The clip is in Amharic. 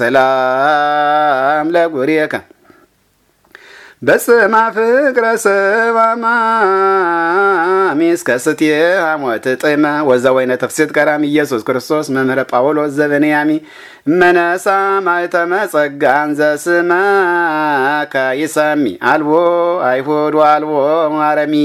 ሰላም ለጉሬከ በስማ ፍቅረ ሰባማ ሚስከ ስቴ ሐሞት ጥመ ወዛ ወይነ ተፍሲት ቀራሚ ኢየሱስ ክርስቶስ መምህረ ጳውሎስ ዘበንያሚ መነሳ ማይተመ ጸጋን ዘስመ ከይሰሚ አልቦ አይሁድ አልቦ ማረሚ